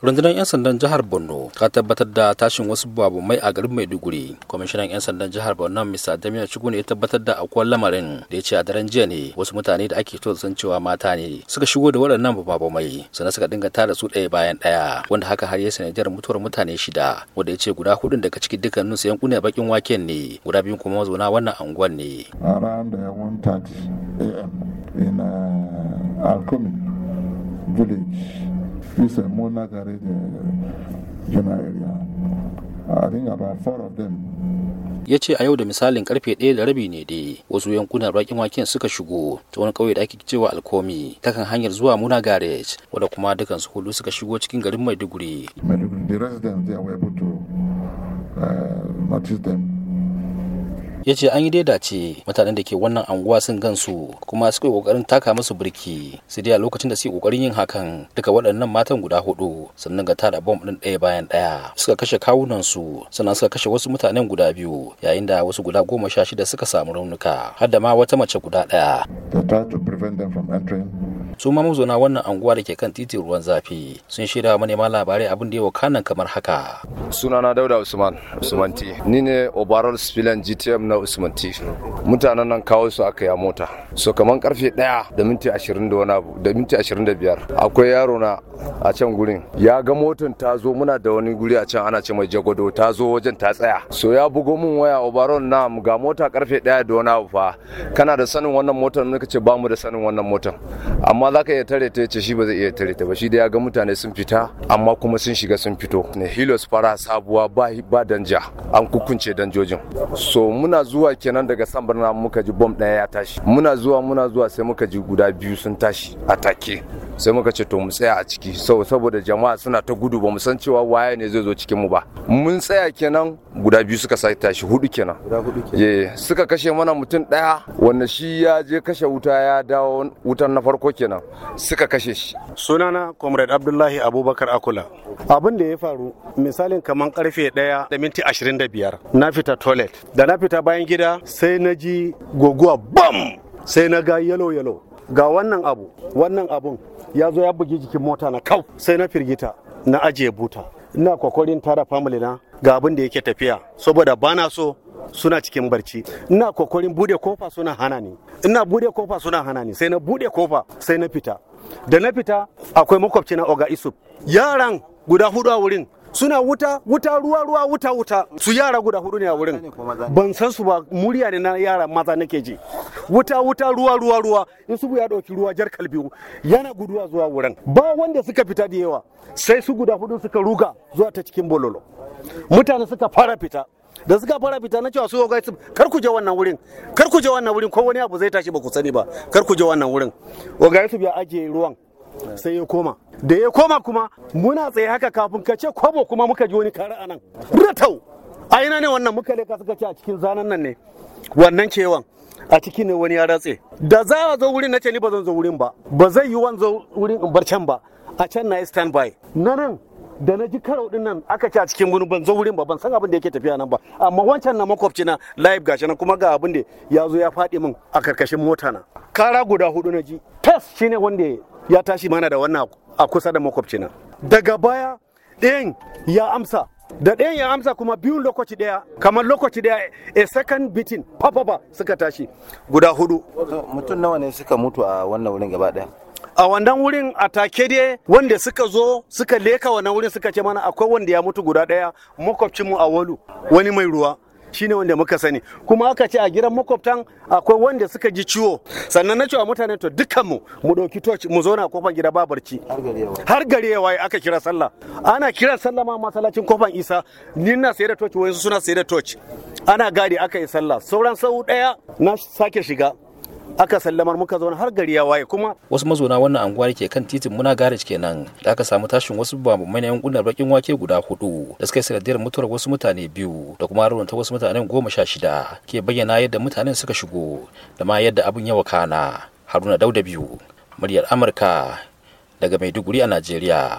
rundunar 'yan sandan jihar borno ta tabbatar da tashin wasu babu mai a garin maiduguri kwamishinan 'yan sandan jihar borno mr damian shugu ne ya tabbatar da akwai lamarin da ya ce a daren jiya ne wasu mutane da ake to san cewa mata ne suka shigo da waɗannan babu mai sannan suka dinga tara su ɗaya bayan ɗaya wanda haka har ya sanadiyar mutuwar mutane shida wanda ya ce guda hudun daga ciki dukkanin su yankuna bakin waken ne guda biyun kuma mazauna wannan anguwan ne around 30 a.m. in uh, village It's a Mona Gare, the general area. I think about four of them ya ce a yau da misalin karfe 1 da rabi ne dai wasu yankunan bakin waken suka shigo ta wani ƙauye da ake cewa alkomi ta kan hanyar zuwa muna garage wadda kuma dukan su hudu suka shigo cikin garin maiduguri maiduguri the residents they were able to uh, notice them ya ce an yi dai dace mutanen da ke wannan anguwa sun gansu kuma suka yi kokarin taka musu birki sai dai a lokacin da suke kokarin yin hakan duka waɗannan matan guda hudu sannan ga tada bom din ɗaya bayan ɗaya suka kashe kawunan su sannan suka kashe wasu mutanen guda biyu yayin da wasu guda goma sha shida suka samu raunuka har da ma wata mace guda ɗaya. su ma mazauna wannan anguwa da ke kan titin ruwan zafi sun shirya manema labarai abin da ya wakanan kamar haka. sunana dauda usman usman ti ni ne obaral spilan gtm nau'i sumantii. mutanen nan kawo su aka ya mota so kamar karfe daya da minti ashirin da wani abu da minti ashirin da biyar akwai yaro na a can gurin ya ga motan ta zo muna da wani guri a can ana ce mai jagwado ta zo wajen ta tsaya so ya bugo min waya obaron na ga mota karfe daya da wani abu fa kana da sanin wannan motan? muka ce bamu da sanin wannan motan. amma za ka iya tare ta ce shi ba zai iya tare ta ba shi da ya ga mutane sun fita amma kuma sun shiga sun fito ne hilos fara sabuwa ba danja an kukunce danjojin so muna zuwa kenan daga san birnin muka ji bom ɗaya ya tashi muna zuwa muna zuwa sai muka ji guda biyu sun tashi a take sai muka ce to mu tsaya a ciki saboda jama'a suna ta gudu ba mu san cewa waye ne zai zo cikin mu ba mun tsaya kenan guda biyu suka sake tashi hudu kenan suka kashe mana mutum daya wanda shi ya je kashe wuta ya dawo wutan na farko kenan suka kashe shi sunana comrade abdullahi abubakar akula abin da ya faru misalin kamar karfe daya da minti ashirin da biyar na fita toilet da na fita bayan gida sai na ji goguwa bam sai na ga yalo yalo ga wannan abu wannan abun ya zo ya bugi jikin mota na kau sai na firgita na ajiye buta ina kokarin tara family na ga abin da yake tafiya saboda bana so suna cikin barci ina kokarin bude kofa suna hana ni ina bude kofa suna hana ni sai na bude kofa sai na fita da na fita akwai makwabci na oga isuf yaran guda hudu a wurin suna wuta wuta ruwa ruwa wuta wuta su yara guda hudu ne a wurin ban san su ba murya ne na yara maza nake ji wuta wuta ruwa ruwa ruwa in su ya dauki ruwa jar kalbiu yana guduwa zuwa wurin ba wanda suka fita da yawa sai su guda hudu suka ruga zuwa ta cikin bololo mutane suka fara fita da suka fara fita na cewa su ga su kar ku je wannan wurin kar ku je wannan wurin ko wani abu zai tashi ba ku sani ba kar ku je wannan wurin oga su ya ajiye ruwan sai ya koma da ya koma kuma muna tsaye haka kafin ka ce kwabo kuma muka ji wani kara anan ratau a ina ne wannan muka leka suka ce a cikin zanen nan ne wannan cewan a ciki ne wani ya ratse da za a zo wurin na ni ba zo wurin ba ba zai yi wan zo wurin in bar can ba a can na stand by na nan da na ji karo din nan aka ce a cikin wani ban zo wurin ba ban san abin da yake tafiya nan ba amma wancan na makwabci na live gashi na kuma ga abin da ya zo ya faɗi min a karkashin mota na kara guda hudu na ji test shine wanda ya tashi mana da wannan a kusa da makwabcina daga baya ɗayan ya amsa da ɗayan ya amsa kuma biyun lokaci ɗaya kamar lokaci ɗaya a second beating papapa suka tashi guda hudu mutum nawa ne suka mutu a wannan wurin gaba ɗaya a wannan wurin a take dai wanda suka zo suka leka wannan wurin suka ce mana akwai wanda ya mutu guda ɗaya makwabcinmu a walu wani mai ruwa shine wanda muka sani kuma aka ce a gidan makwabtan akwai wanda suka ji ciwo sannan na cewa mutane to dukkan mu mu dauki toci mu zo na kofar gida babarci har gare ya waye aka kira sallah ana kiran sallah ma masallacin kofar isa ni na sayar da toci wayansu suna sayar da toci ana gadi aka yi sallah sauran sau daya na sake shiga aka sallamar muka zauna har gari ya waye kuma wasu mazauna wannan anguwa ke kan titin muna garage kenan da aka samu tashin wasu bambamai na yankunan bakin wake guda hudu da suka yi sanadiyar mutuwar wasu mutane biyu da kuma ta wasu mutanen goma sha shida ke bayyana yadda mutanen suka shigo da ma yadda abin ya wakana haruna dauda biyu muryar amurka daga maiduguri a najeriya